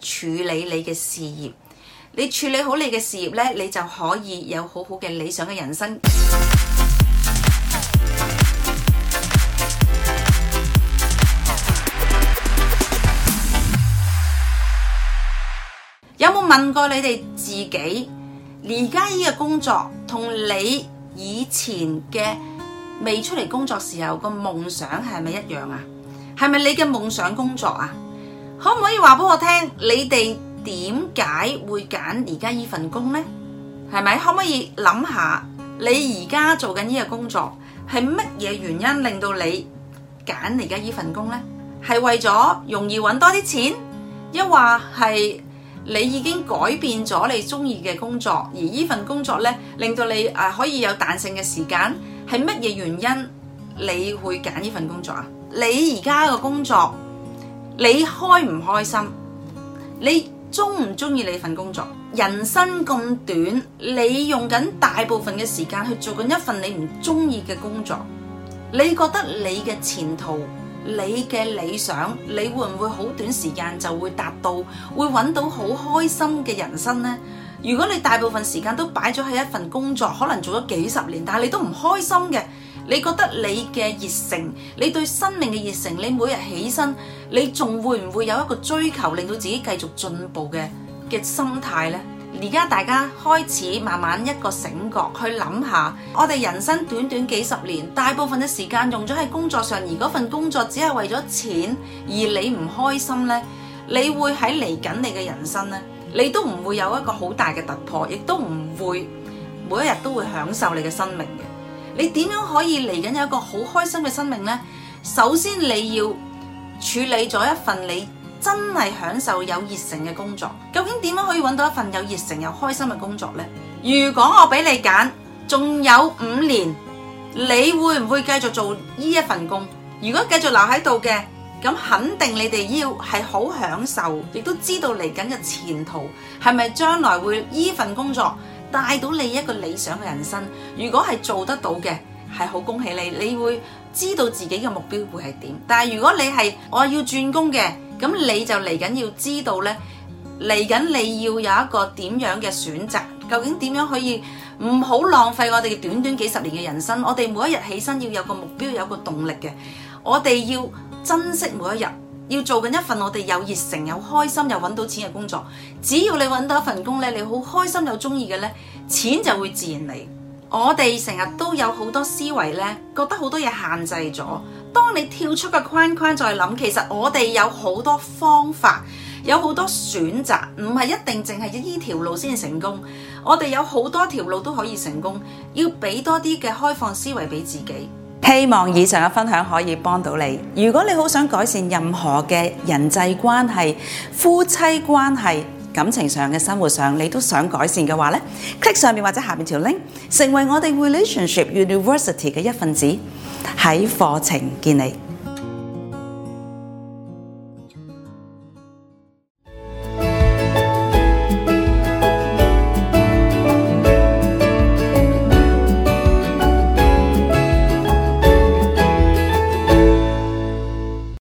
去處理你嘅事業，你處理好你嘅事業咧，你就可以有好好嘅理想嘅人生。有冇問過你哋自己，而家呢個工作同你以前嘅未出嚟工作時候個夢想係咪一樣啊？係咪你嘅夢想工作啊？可唔可以話俾我聽，你哋點解會揀而家呢份工呢？係咪可唔可以諗下，你而家做緊呢個工作係乜嘢原因令到你揀而家呢份工呢？係為咗容易揾多啲錢，抑或係你已經改變咗你中意嘅工作，而呢份工作呢，令到你誒可以有彈性嘅時間，係乜嘢原因你會揀呢份工作啊？你而家嘅工作？你開唔開心？你中唔中意你份工作？人生咁短，你用緊大部分嘅時間去做緊一份你唔中意嘅工作，你覺得你嘅前途、你嘅理想，你會唔會好短時間就會達到，會揾到好開心嘅人生呢？如果你大部分時間都擺咗喺一份工作，可能做咗幾十年，但係你都唔開心嘅。你覺得你嘅熱誠，你對生命嘅熱誠，你每日起身，你仲會唔會有一個追求，令到自己繼續進步嘅嘅心態呢？而家大家開始慢慢一個醒覺，去諗下，我哋人生短短幾十年，大部分嘅時間用咗喺工作上，而嗰份工作只係為咗錢，而你唔開心呢，你會喺嚟緊你嘅人生呢，你都唔會有一個好大嘅突破，亦都唔會每一日都會享受你嘅生命嘅。你點樣可以嚟緊有一個好開心嘅生命呢？首先你要處理咗一份你真係享受有熱誠嘅工作。究竟點樣可以揾到一份有熱誠又開心嘅工作呢？如果我俾你揀，仲有五年，你會唔會繼續做呢一份工？如果繼續留喺度嘅，咁肯定你哋要係好享受，亦都知道嚟緊嘅前途係咪將來會呢份工作？帶到你一個理想嘅人生，如果係做得到嘅，係好恭喜你，你會知道自己嘅目標會係點。但係如果你係我要轉工嘅，咁你就嚟緊要知道呢，嚟緊你要有一個點樣嘅選擇，究竟點樣可以唔好浪費我哋短短幾十年嘅人生？我哋每一日起身要有個目標，有個動力嘅，我哋要珍惜每一日。要做緊一份我哋有熱誠有開心又揾到錢嘅工作，只要你揾到一份工咧，你好開心又中意嘅咧，錢就會自然嚟。我哋成日都有好多思維咧，覺得好多嘢限制咗。當你跳出個框框再諗，其實我哋有好多方法，有好多選擇，唔係一定淨係依條路先成功。我哋有好多條路都可以成功，要俾多啲嘅開放思維俾自己。希望以上嘅分享可以幫到你。如果你好想改善任何嘅人際關係、夫妻關係、感情上嘅生活上，你都想改善嘅話咧，click 上面或者下面條 link，成為我哋 Relationship University 嘅一份子，喺課程見你。